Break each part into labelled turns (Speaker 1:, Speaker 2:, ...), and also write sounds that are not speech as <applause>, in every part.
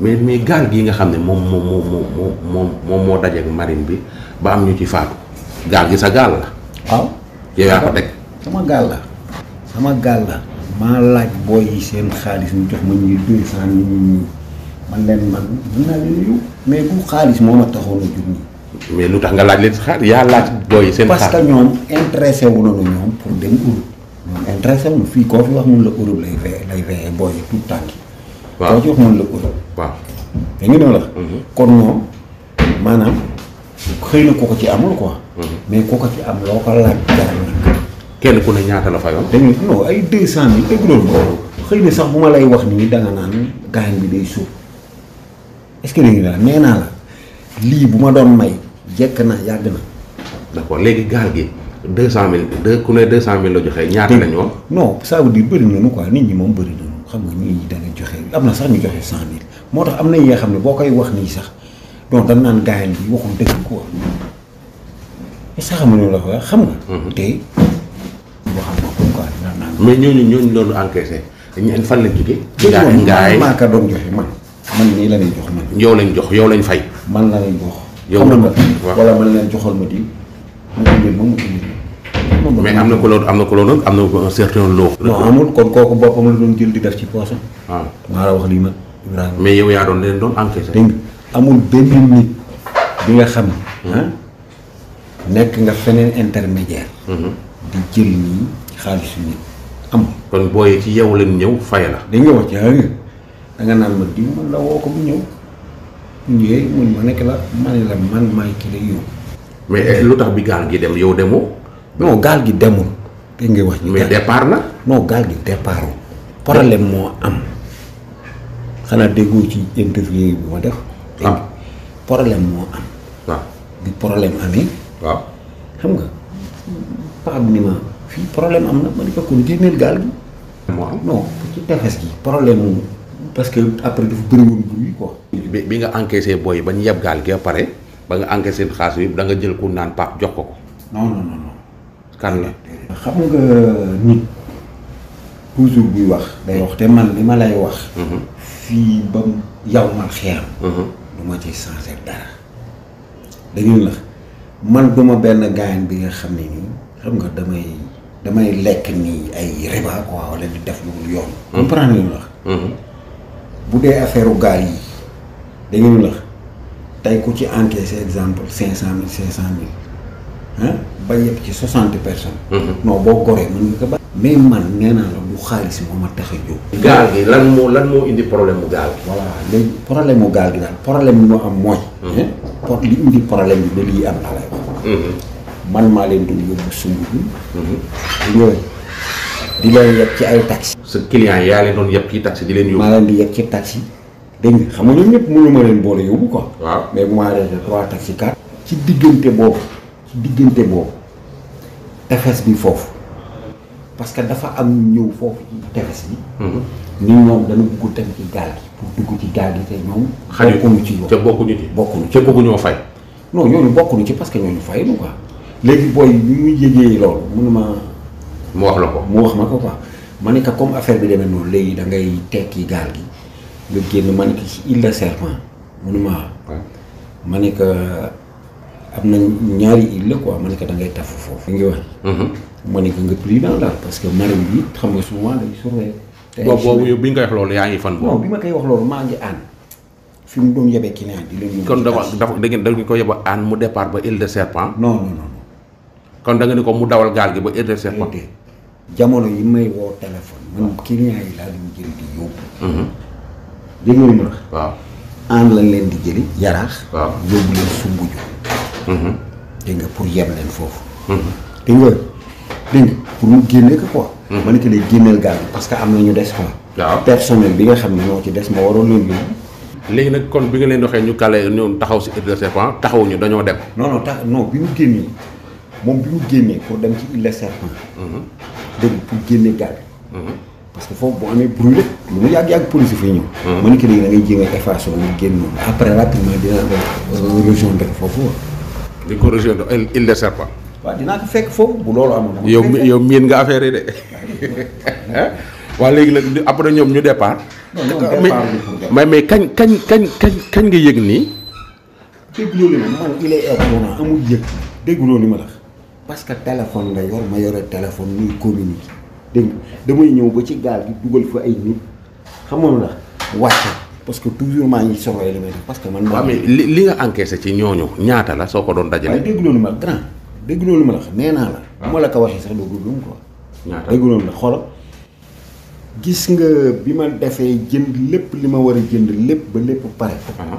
Speaker 1: mais mais gaal gi nga xam ne moom moom moom moom moom moom moo dajeeg marine bi ba am ñu ci faatu gaal sa gaal la. waaw
Speaker 2: sama gaal sama gaal la. maa laaj booy seen xaalis ñu jox ma ñu deux cent nit ñi man leen man mais bu xaalis
Speaker 1: moo ma taxoon a jug nii. mais lu tax nga laaj leen xaalis yaa laaj. booy yi seen xaalis parce que ñoom
Speaker 2: intéressé wu na ñoom pour dem Europe. ñoom intéressé wu fii koo fi wax mun la Europe lay fee lay fee booy yi tout le waaw koo ci wax ko. waaw da nga doon wax. kon moom maanaam xëy na kooku ci amul mm-hmm.
Speaker 1: ko
Speaker 2: mais kooku ci am loo ko laaj dara.
Speaker 1: kenn ku ne ñaata la fayoon. dañuy ay deux cent mille
Speaker 2: dégg sax bu ma lay wax nii danga naan gaañ bi day suuf est-ce que nee naa la
Speaker 1: lii bu ma doon may jekk na yàgg na. d'accord léegi gaal gi. deux cent mille deux ku ne deux cent mille la joxe ñaata la ñu woon.
Speaker 2: non ça veut dire bëri nit ñi moom bëri nañu. xam nga ñii dana joxe am na sax ñu joxe cent mille moo tax am na yoo xam ne boo koy wax nii sax donc dañ naan gaayal bi waxul dëgg ko mais sax amuñu la ko xam nga. Mhm. tey
Speaker 1: waxal ma ko quoi naan naan. mais ñooñu ñooñu doon encaissé ñenn fan lañ jógee. gaay gaay doon joxe man man nii la lay jox man. yow lañ jox yow lañ fay. man la lay jox. yow la
Speaker 2: wala joxal ma di
Speaker 1: mais am na ko loolu am na ko loolu am na ko un certain lot. amul kon kooku boppam la doon jël di def ci poosam. waaw ah. maa la wax lii man. mais yow yaa doon leen doon encaissé. dégg amul benn nit
Speaker 2: bi nga xam ne. Hmm. Ah, nekk nga feneen intermédiaire. Hmm. di jël nii xaalisu nit amul. kon booyee ci yow leen ñëw fay la. dégg nga wax
Speaker 1: ah, ci xëy da nga naan ma diw man la
Speaker 2: woo ko mu ñëw.
Speaker 1: ñëwee mun ma nekk la ma ne la
Speaker 2: man maay kii la
Speaker 1: mais lu tax bi gaal gi dem yow demoo. non gaal gi demul. dégg nga wax ñu. mais départ na. non gaal gi départ problème moo am
Speaker 2: xanaa déggoo ci interview bi ma def. am ah. problème moo am. waaw ah. bi ah. nga paa bi fii problème am na ma ne que après bi
Speaker 1: bi nga encaissé booy ba ñu yeb gaal gi ba pare ba nga encaissé xaalis bi da nga jël ku naan paap jox ko ko. kan
Speaker 2: xam nga nit toujours buy wax day wax te man li ma lay wax. Mhm. fii ba yow man xeeram. ci changer dara. dañu la man duma benn gaayan bi nga xam ne nii xam nga damay damay lekk nii ay riba quoi wala di def lu dul yoon. Mhm. comprendre li la. Mhm. bu dee affaire gaal yi dañu la tey ku ci encaissé exemple cinq cent mille cinq cent mille. ah ba yëpp ci soixante personnes. Mhm. non boo goree mën mais man nee la du xaalis moo ma tax a gaal gi lan
Speaker 1: moo lan moo indi problème mu gaal gi. voilà
Speaker 2: problème mu gaal mu am mooy. Mhm.
Speaker 1: pour li indi problème bi ba lii am laa lay wax. Mhm. man maa leen doon yóbbu sumbu yooyu di leen yeb ci ay taxi. sa client yaa leen doon yeb ci taxi
Speaker 2: di leen yóbbu. maa leen di yeb ci taxi. dégg nga xam nga ñoom ñëpp mënu leen boole yóbbu ko waaw mais bu ma arrêté trois taxi quatre. ci diggante ci diggante boobu tefes bi foofu parce que dafa am ñëw foofu ci tefes bi. Hmm. ni ñoom dañu bugg dem ci gaal gi pour dugg ci gaal gi te ñoom. bokkuñu ci yoon ca bokkuñu ci bokkuñu ca bëgguñoo fay. non ñooñu bokkuñu ci parce que ñooñu fayuñu ko léegi booy bi mu yëgee loolu mënuma. mu wax la ko mu wax ma ko quoi ma ne que comme affaire bi demee noonu léegi da ngay tekki gaal gi nga génn ma ne que ci île de serpent ma ne am na ñaari île la quoi ma ne ko da foofu. ngi wax. Mhm.
Speaker 1: ma ne nga prudent daal parce que marine bi xam nga souvent
Speaker 2: day surveiller. te boobu
Speaker 1: bi nga koy wax loolu yaa ngi fan. non bi ma
Speaker 2: koy wax loolu maa ngi fi mu doon yebee client kon da
Speaker 1: ngeen da ngeen ko yeboo ànd mu départ ba île de serpent. non kon da nga ko mu dawal gaal ba île de
Speaker 2: jamono yi may woo téléphone. man client mhm. ma wax. waaw ànd leen di jëli. yaraax. waaw yóbbu leen sumbu Mm-hmm. dégg nga pour yeb leen foofu. Mm-hmm. dégg nga pour mu génne ko quoi. Mm-hmm. ma ne ko lay génneel gaal parce que am na ñu des quoi. waaw personnel bi nga xam ne ñoo ci des nga waroon leen yóbbu.
Speaker 1: léegi nag kon bi nga leen doxee ñu kale ñoom taxaw si Île de ah, taxawuñu dañoo dem.
Speaker 2: non tax non bi mu génnee moom bi mu génnee pour dem ci Île de Serpent. dégg pour génne gaal. parce que foofu boo amee bruit lu mu yàgg-yàgg police fay ñëw. ma ne ko yi da ngay jéem a effacé wu ñu génn après rapidement dina am euh,
Speaker 1: rejoindre foofu di ko rejoindre il ne sert pas. waaw dinaa yow miin nga affaire yi de.
Speaker 2: <laughs>
Speaker 1: waaw léegi nag après ñoom ñu départ. mais mais kañ kañ kañ kañ kañ nga yëg nii.
Speaker 2: dégguloo li ma man il est parce que téléphone nga yor ma yore téléphone ñuy communiquer dégg damay ñëw ba ci gaal gi dugal fa ay nit xam nga wàcce. parce que toujours maa ngi surveiller li parce que man. waaw mais li
Speaker 1: li nga encaissé ci ñooñu ñaata la soo ko doon dajale. waaye dégg
Speaker 2: loolu ma grand dégg loolu ma la xam nee naa la. Ah. bu ma la ko waxee sax doo gudd ko ñaata dégg loolu la xoolal gis nga bi ma defee jënd lépp li ma war a jënd lépp ba lépp pare. Ah.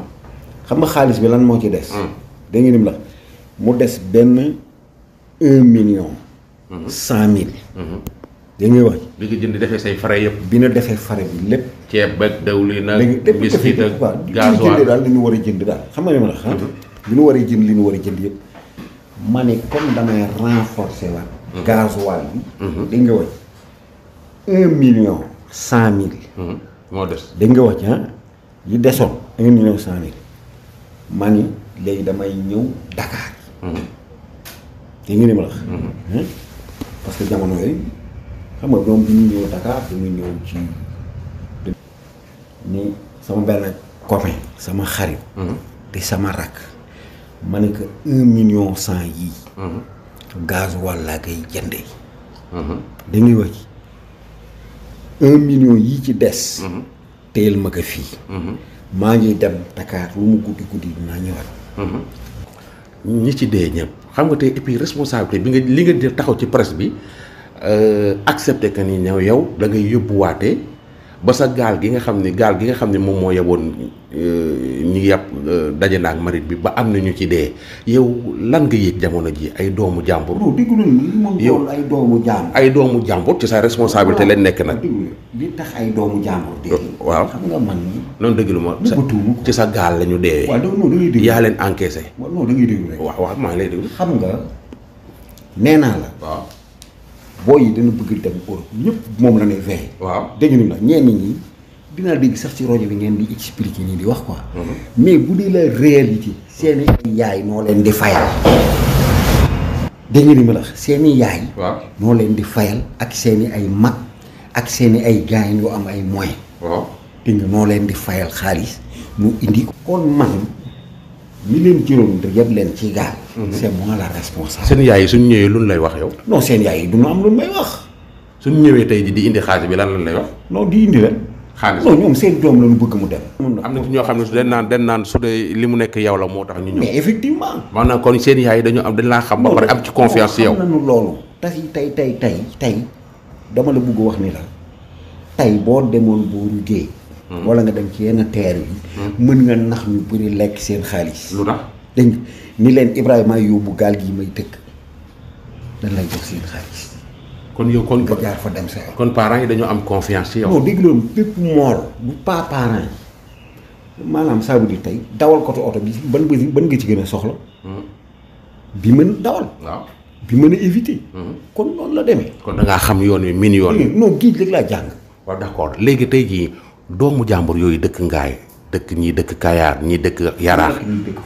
Speaker 2: xam nga xaalis bi lan moo ci des. Ah. dégg nga la mu des benn un million. Mm-hmm.
Speaker 1: cent mille. Mm-hmm. li muy wax bi nga jënd defee say frais yëpp. bi na defee frais bi lépp. ceeb ba dawli na. biskit ak gasoil léegi daal
Speaker 2: li ñu war a jënd daal xam nga li ma la xam. Mhm. li ñu war a jënd li ñu war a jënd yëpp. ma ne comme damay renforcer waat. Mhm. gasoil bi. Mhm. dañ nga wax un million cent mille. moo des dañ nga wax ah li desoon un million cent mille. ma ne léegi damay ñëw Dakar. dégg nga ni ma la wax. parce que jamono yooyu. xam nga ñoom bi ñu ñëw Dakar dañu ñëw ci ni sama benn copain sama xarit mm-hmm. di sama rak ma ne ko un million cent yii mm-hmm. gaz wàllaa koy jëndee mm-hmm. da ngay wax un million yii ci des
Speaker 1: teel ma ko fii maa ngi dem Dakar lu mu guddi guddi dinaa ñëwaat ñi ci dee ñëpp xam nga te et puis responsabilité bi nga li nga taxaw ci presse bi Euh, accepté que ni ñëw yow da ngay yóbbuwaatee ba sa gaal gi nga xam ni gaal gi nga xam ni moom moo yeboon euh, ñi yàpp euh, daje na ak marine bi ba am na ñu ci dee yow lan nga yëg jamono ji ay doomu jàmbur. non ay doomu jàmbur. ay doomu jàmbur ci sa responsabilité lañ nekk nag.
Speaker 2: li tax ay doomu jàmbur
Speaker 1: dee. Oh, waaw xam nga man. déglu ma ci sa gaal la ñu deewee. waaw non yaa leen encaissé. waaw waaw maa ngi lay déglu. xam nga nee la.
Speaker 2: booy yi dana bëgg dem Europe ñëpp moom la ne veillé. waaw dégg nañu la ñenn ñi dinaa dégg sax ci rajo bi ngeen di expliquer ñi di wax ko mhm. mais bu dee la réalité. seeni yaay noo leen di fayal. dégg ni ma la seeni yaay. noo leen di fayal ak seeni ay mag ak seeni ay gaañ yu am ay moyens. waaw noo leen di fayal xaalis mu indi. kon man mi leen
Speaker 1: juróom yëpp leen ci gaal. Mm-hmm. c' est moi la responsable. seen yaay yi suñu ñëwee luñ lay wax yow. non seen yaay yi du ñu am luñ may wax. suñu ñëwee tey jii di indi xaalis bi lan lan lay wax. non di indi leen. xaalis non ñoom seen doom la ñu mu dem. am na ci ñoo xam ne naan den naan su dee li mu nekk yow la moo tax ñu ñëw. effectivement. maanaam kon seen yaay yi dañoo am dañ laa xam. ba pare am ci confiance ci yow loolu loolu.
Speaker 2: tey tey tey tey tey dama la bugg wax ni la tey boo demoon boo liggéey. Hmm. wala nga dem ci yenn teer yi. Hmm. mën nga nax ñu bëri lekk seen xaalis. lu tax dañ ni leen Ibrahima yóbbu gaal gii may tëkk dañ jox seen xaalis.
Speaker 1: kon yow kon nga jaar fa dem sa kon parents yi dañoo am confiance ci yow. non dégluwoon bépp mool
Speaker 2: bu pas maanaam saa bu di dawal ko oto bi ban ci gën a
Speaker 1: hmm.
Speaker 2: mën dawal. bi mën a éviter. Hmm. kon noonu
Speaker 1: kon da xam yoon yi min yoon wi.
Speaker 2: non géej laa jàng. waaw d'accord
Speaker 1: léegi tey jii doomu jàmbur yooyu dëkk ngaay dëkk ñii dëkk Kayaar ñii dëkk Yaraax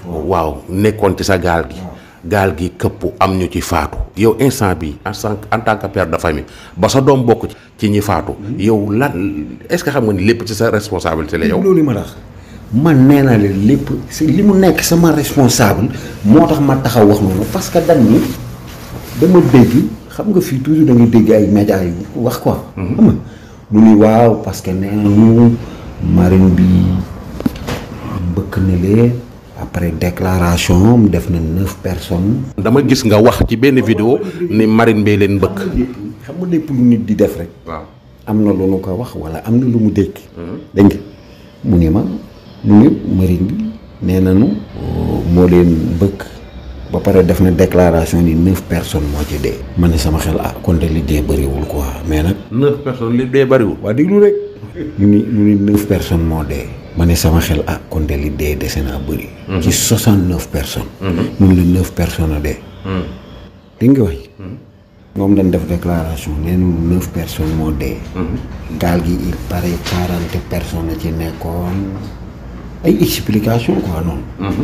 Speaker 1: waaw nekkoon ci sa gaal gi gaal gi këpp am ñu ci faatu yow instant bi en tant que père de famille ba sa doom bokk ci ñi faatu hmm? yow lan est-ce que xam nga ni lépp ci sa responsabilité la yow loolu
Speaker 2: ma man nee naa leen lépp si li mu nekk sama responsable moo tax ma taxaw wax noonu parce que dama dégg xam nga fii toujours da dégg ay média yi wax ko hmm. xam nga waaw parce que nee marine bi bëkk na lee après déclaration am def
Speaker 1: na neuf personnes. dama gis nga wax ci benn vidéo ni marine bee leen bëkk. xam nga lépp lu nit di def rek. waaw am na lu nu ko wax wala am na lu mu mhm. dégg.
Speaker 2: dégg mu ni ma mu ne marine bi nee nañu moo leen bëkk ba pare def na déclaration ni neuf personnes moo ci dee. ma ne sama xel ah kon li dee bëriwul quoi
Speaker 1: mais nag. neuf personnes li dee bëriwul. waa déglu rek.
Speaker 2: ñu ni ñu ni neuf personnes moo dee. ma ne sama xel ah kon de li dee dese naa bëri. Mhm. ci soixante neuf personnes. Mhm. ñu ne neuf personnes a dee. Mhm. def déclaration nee moo dee. gaal gi il paraît quarante personnes ci nekkoon ay explication quoi
Speaker 1: noonu.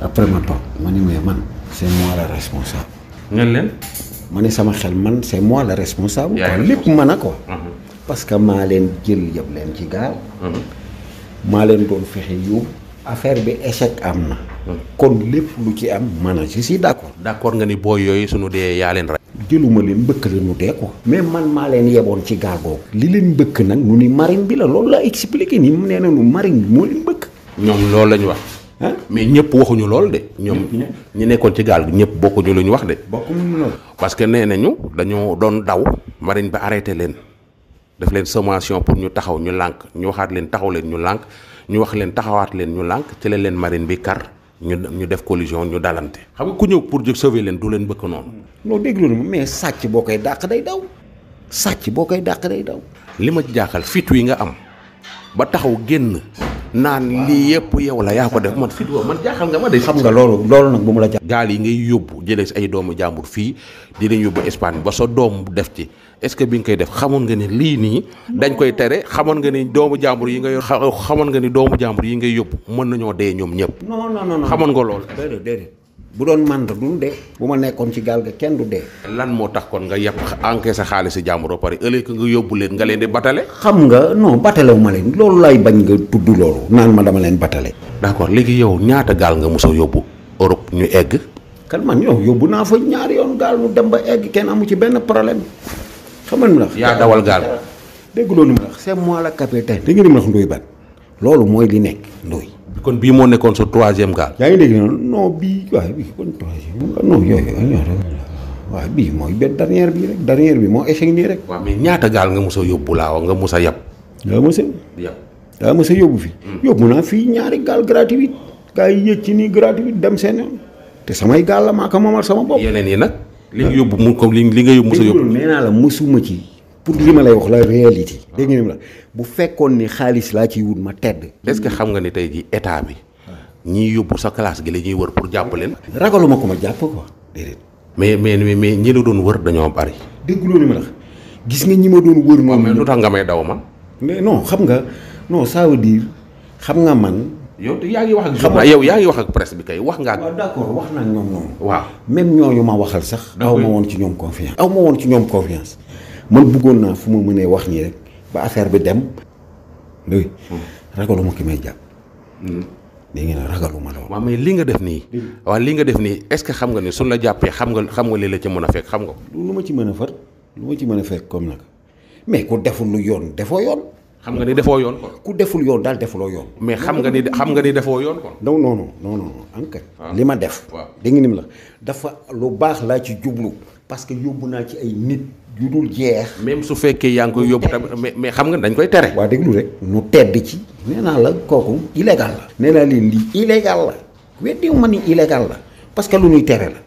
Speaker 2: après ma toog ma ni mais man c'est la responsable. ngeen leen. ma ne sama xel man c'est moi la responsable. quoi lépp mën a ko. parce que maa leen jël yëpp leen ci gaal. Mhm. maa leen doon fexe yóbbu affaire bi échec am na. Mhm.
Speaker 1: kon lépp lu ci am maanaam je suis d' accord. d' accord nga ni booy yooyu suñu dee yaa leen rey.
Speaker 2: jëluma leen mbëkk la dee ko. mais man maa leen yeboon ci gaal googu. li leen mbëkk nag nu ni marine bi la loolu la expliqué ni mu nee na nu bi moo leen mbëkk.
Speaker 1: ñoom loolu la ñu wax. mais ñëpp waxuñu lool de. ñoom ñu nekkoon ci gaal gi ñëpp bokkuñu lu ñu wax de. bokkuñu parce que nee nañu dañoo doon daw. marine bi arrêté leen. daf leen sommation pour ñu taxaw ñu lànk ñu waxaat leen taxaw leen ñu lànk ñu wax leen taxawaat leen ñu lànk ci la leen marine bi kar ñu ñu def collision ñu dalante. xam nga ku ñëw pour jóg sauver leen du leen bëgg noonu. Hmm.
Speaker 2: non déglu na
Speaker 1: boo koy dàq day daw sàcc boo koy dàq day daw. li ma jaaxal fit wi nga am ba taxaw génn. naan lii yëpp yow la yaa ko def man fit man jaaxal nga ma de. xam nga loolu loolu nag la jaaxal. gaal yi ngay yóbbu jëlee si ay doomu jàmbur fii di leen yóbbu Espagne ba sa doom def ci. est ce que bi nga koy def xamoon nga ne lii nii dañ koy tere xamoon nga ni doomu jàmbur yi ngay xamoon nga ni doomu jàmbur yi ngay yóbbu mën nañoo dee ñoom ñëpp. non non non xamoon nga loolu.
Speaker 2: déedéet bu doon mànd bu ma nekkoon ci gaal ga kenn du dee.
Speaker 1: lan moo tax kon nga yàpp encaissé xaalis si jàmbur ba pare ëllëg nga yóbbu leen nga leen di batale.
Speaker 2: xam nga non batale ma leen loolu lay bañ nga tudd loolu naan ma dama leen batale. d' accord léegi yow ñaata gaal nga mos a
Speaker 1: yóbbu Europe ñu egg.
Speaker 2: kan man yow yóbbu naa fa ñaari yoon gaal mu dem ba egg kenn amu ci benn problème xam mu la yaa dawal gaal dégg loolu mu la c'est moi le capitaine dégg nga mu la Ndoye Bane loolu mooy li nekk
Speaker 1: Ndoye kon bii moo nekkoon sa troisième gaal yaa ngi dégg noonu non bii waaye bii kon
Speaker 2: troisième non bii mooy ba dernière bi rek bi moo échec nii rek.
Speaker 1: waaw mais ñaata gaal nga mos a laa laawa nga mos a yab. daa mos
Speaker 2: a. mos a yóbbu fi. Mm. yóbbu naa fii ñaari gaal gratuit. gars yi yëg ci nii gratuit dem seen yoon. te samay gaal la maa ko moomal sama bopp.
Speaker 1: yeneen nag. li nga yóbbu mu comme li nga
Speaker 2: yóbbu mos a yóbbu nee naa la mosuma ci pour li ma lay wax la réalité dégg bu fekkoon ni xaalis laa ciy wut ma tedd
Speaker 1: est-ce que xam nga ni tey ji état bi ñiy yóbbu sa classe gi la ñuy wër pour jàpp leen ragaluma ko ma jàpp quoi déedéet mais mais mais ñi la doon wër dañoo bari dégguloo ni ma la gis nga ñi ma doon wër noonu lu tax nga may daw man
Speaker 2: mais non xam nga non ça veut xam nga man
Speaker 1: yow yaa ngi wax ak. xam nga yow yaa ngi wax ak bi kay wax nga. waaw d'accord wax naa ñoom noonu. waaw
Speaker 2: même ñooñu ma waxal sax. aw woon ci ñoom confiance. aw ma ci ñoom confiance man buggoon naa fu ma mënee wax nii rek ba affaire bi dem.
Speaker 1: léegi hmm. ragaluma ki may jàpp. léegi hmm. nag ragaluma loolu. li nga def nii. Hmm. waaw li nga def nii est-ce que xam nga ni suñ la jàppee xam nga xam nga li la ci mën a fekk xam nga.
Speaker 2: ma ci mën a far lu ma ci mën a fekk comme nag mais ku deful lu yoon defoo yoon.
Speaker 1: xam nga ni defoo yoon kon.
Speaker 2: ku deful yoon daal defuloo yoon. mais xam nga ni xam nga ni
Speaker 1: defoo yoon kon.
Speaker 2: non non non non non enquête. Ah. li ma def. waaw dégg nga ni la dafa lu baax laa ci jublu. parce que yóbbu naa ci ay nit yu dul jeex.
Speaker 1: même su fekkee yaa ngi koy yóbbu tamit mais xam nga dañ koy tere. waa déglu rek nu tedd ci. nee naa la
Speaker 2: kooku illégal la. nee naa leen lii illégal
Speaker 1: la weddiw
Speaker 2: ma ni illégal la parce que lu ñuy tere la.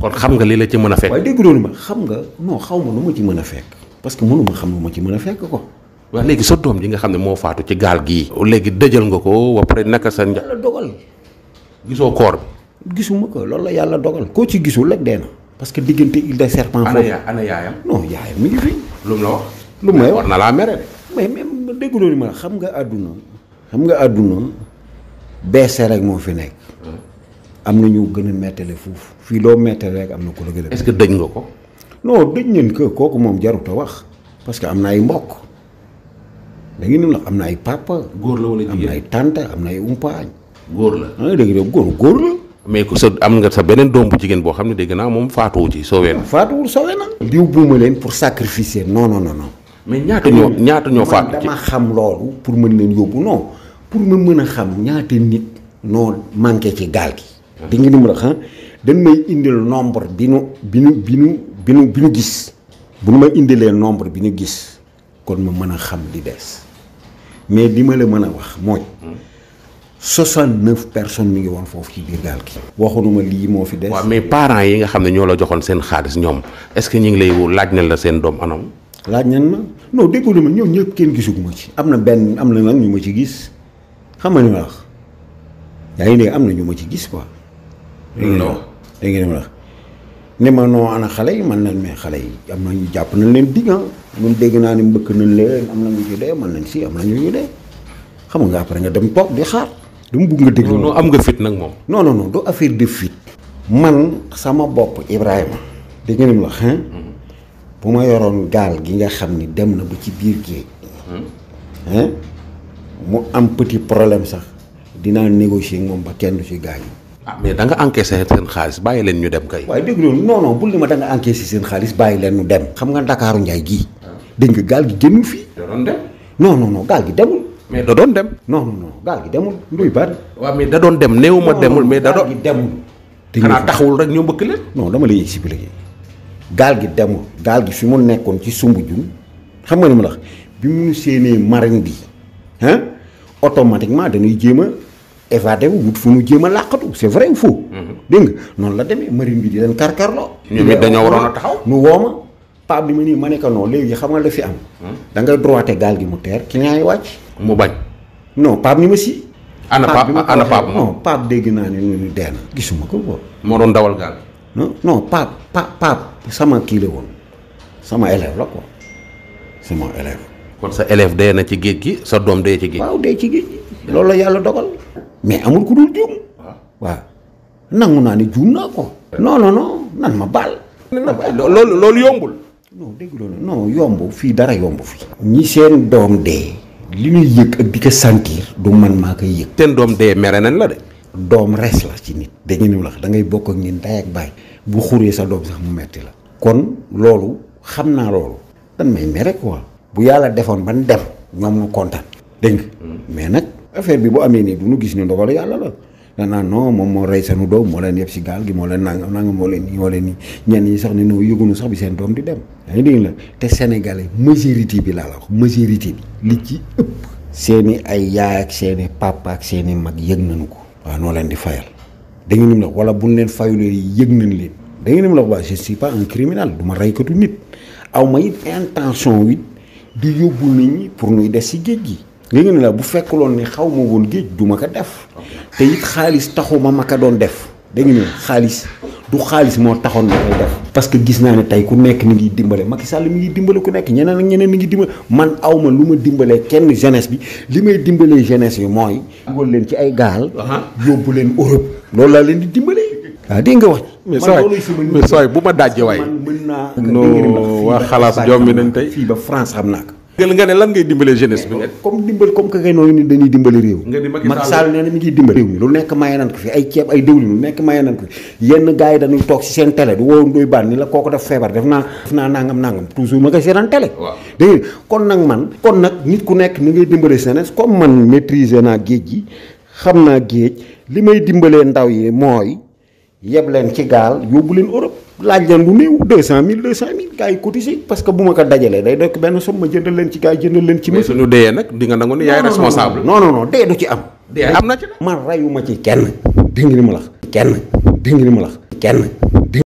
Speaker 1: kon xam nga li la ci mën a fekk. waaye déglu ma
Speaker 2: xam nga non xaw ma nu ma ci mën a fekk. parce que mënu ma xam nu ma ci mën a fekk ko.
Speaker 1: waa léegi sa doom ji nga xam ne moo faatu ci gaal gii. léegi dëjal nga ko ba pare naka sa nja. dogal. gisoo koor
Speaker 2: bi. gisuma ko loolu la yàlla dogal. koo ci gisul rek dee na. parce que diggante Île des Serpents. foofu
Speaker 1: ana yaayam. non yaayam mi ngi fi. lu mu la wax. lu mu wax war na laa mere
Speaker 2: de. mais même déggu loolu ma xam nga àdduna. xam nga àdduna beese rek moo fi nekk. Hmm. am na ñu gën a mettale foofu fii loo mettale rek am na ku la gën a. est que dëj nga ko. non dëj ngeen ko kooku moom jarut a wax parce que am na ay mbokk. da ngeen di wax am na ay papa. góor la wala jigéen am na ay tante am na ay umpaañ.
Speaker 1: góor la ah dégg nga góor góor la. mais ko sa am nga sa beneen doom bu jigéen boo xam ne dégg naa moom faatuwu ci soowee na. faatuwul soowee na. diw
Speaker 2: buuma leen pour sacrifier non non non non.
Speaker 1: mais ñaata ñoo ñaata ñoo faatu ci dama
Speaker 2: xam loolu pour mën leen yóbbu non pour ma mën a xam ñaata nit noo manqué ci gaal gi. da ngeen di mën a xam dañ may indil nombre bi nu bi nu bi nu bi nu bi nu gis bu nu may indilee nombre bi nu gis. kon ma mën a xam di des mais li ma la mën a wax mooy. 69 personne mi ngi woon foofu ci biir gaal
Speaker 1: gi. waxunuma lii moo fi des. waaw mais parents yi nga xam ne ñoo la joxoon seen xaalis ñoom est-ce que ñu ngi lay laaj nañ la seen doom anam.
Speaker 2: laaj nañ ma non déggoo ma ñoom ñëpp kenn gisuguma ci. am na benn am na nag ñu ma ci gis xam nga ni wax yaa ngi dégg am na ñu ma ci gis ko dégg nga li ma wax ne ma noo ana xale yi man leen mais xale yi am na ñu jàpp nañ leen digg ah mun dégg naa ni mbëkk nañ leen am na ñu dee man leen si am nañu ñu ñu dee xam nga après nga dem toog di xaar. dama bugg nga déglu am nga fit nag moom. non non non du affaire de fit. man sama bopp Ibrahima. di nga ni wax mm-hmm. bu ma yoroon gaal gi nga xam ni dem na ba ci biir géej. Mm-hmm. mu am petit problème sax dinaa négocier moom ba kenn du si
Speaker 1: ah mais da nga encaissé seen xaalis bàyyi leen ñu dem kay. waaye
Speaker 2: dégg loolu non non bul ni ma da nga encaissé seen xaalis bàyyi leen ñu dem. xam nga Ndakaaru Njaay gii. dégg gaal gi génn fii. da doon dem. non non mais da doon dem. non non gi demul nduy baat.
Speaker 1: waaw mais da dem néew ma demul. mais da doon
Speaker 2: gaal gi taxawul rek ñu mbëkk leen. non dama lay expliquer gaal gi demul. gaal gi fi mu nekkoon ci sumbu jun xam nga ni mu la bi mu séenee marine bi ah automatiquement dañuy jéem a évadé wu wut fu mu jéem a làqatu c'est vrai ou faux. Mhm. dégg nga noonu la demee marine bi di leen karkarloo. ñoom it dañoo waroon a taxaw ñu woo ma bi ma nii ma ne ko léegi xam nga la fi am. Hmm? da ngay droité gaal gi mu teer client yi wàcc. mu bañ. non paab ni ma si.
Speaker 1: ana paab ana paab non
Speaker 2: paab dégg naa ne ñu gisuma ko moo doon dawal gaal. non sama kii la woon
Speaker 1: sama élève la quoi sa élève dee na ci géej gi sa doom dee ci géej. waaw
Speaker 2: dee ci géej loolu la yàlla dogal.
Speaker 1: mais amul ku dul juum. Ah. waaw
Speaker 2: nangu naa ne juum naa ko. non non ma baal. loolu loolu yombul. non dégg loolu non yomb fii dara yombu fii. ñi seen doom dee. li ñuy yëg ak di ko sentir
Speaker 1: du man maa koy yëg. seen doom dee mere nañ la de. doom res la ci nit.
Speaker 2: dañu ne wax da ngay bokk ak ñun ndey ak baay bu xuree sa doom sax mu metti la. kon loolu xam naa loolu. dan may mere quoi. bu yàlla defoon ban dem ñoom ñu kontaan. dégg hmm. mais nag affaire bi bu amee nii du ñu gis ñu ndogalu yàlla la danaan non moom moo rey sanu doom moo leen yëpp si gaal gi moo leen nangam nangam moo leen nii moo leen nii ñenn ñi sax ne noo yëgunu sax bi seen doom di dem yaa ngi dégg la te sénégalais majorité bi laa la wax majorité bi li ci ëpp seeni ay yaay ak seeni papa ak seeni mag yëg nañu ko waaw noo leen di fayal da ngeen la wala buñ leen fayulee yëg nañ leen da ngeen la wax je suis pas un criminel du ma reykatu nit aw ma it intention wi di yóbbu nit ñi pour ñuy des si géej gi léegi ne la bu fekkuloon ne xaw ma woon géej du ma ko def te it xaalis taxu ma ma ko doon def dégg nga xaalis du xaalis moo taxoon ma koy def. parce que gis naa ne tey ku nekk ni ngi dimbale Macky Sall mi dimbale ku nekk ñeneen ak ñeneen ni ngi dimbale man aw ma lu ma dimbalee kenn jeunesse bi li may dimbalee jeunesse yi mooy. dugal leen ci ay gaal. yóbbu leen Europe. loolu laa leen di dimbale. waaw dégg nga wax. mais saa mais saa bu ma dajee waay. man mën naa. waa xalaas jombi nañ tey fii ba France xam naa ko. nga ne lan ngay dimbale jeunesse bi. comme dimbal comme que kay noonu ni dañuy dimbali réew. nga di Macky Sall nee na mi ngi dimbali réew mi lu nekk maye nan ko fi ay ceeb ay diwlin lu nekk maye nan ko fi yenn gars dañuy toog si seen télé du woo Ndoye Bane ni la kooku def feebar def naa nangam nangam toujours ma nga seetaan télé. waaw dégg kon nag man. kon nag nit ku nekk ni ngay dimbale jeunesse comme man maîtriser naa géej gi xam naa géej li may dimbale ndaw yi mooy yeb leen ci gaal yóbbu leen laaj leen lu néew 200000 200000 gars yi cotisé parce que bu ma ko dajalee day dokk benn somme ma jëndal leen ci gars yi jëndal leen ci. mais suñu dee nag
Speaker 1: di nga nangu ni yaay responsable. non non non dee du ci am. dee am
Speaker 2: na ci man rayuma ci kenn dégg nga ni ma lax. kenn dégg nga ni ma lax. kenn.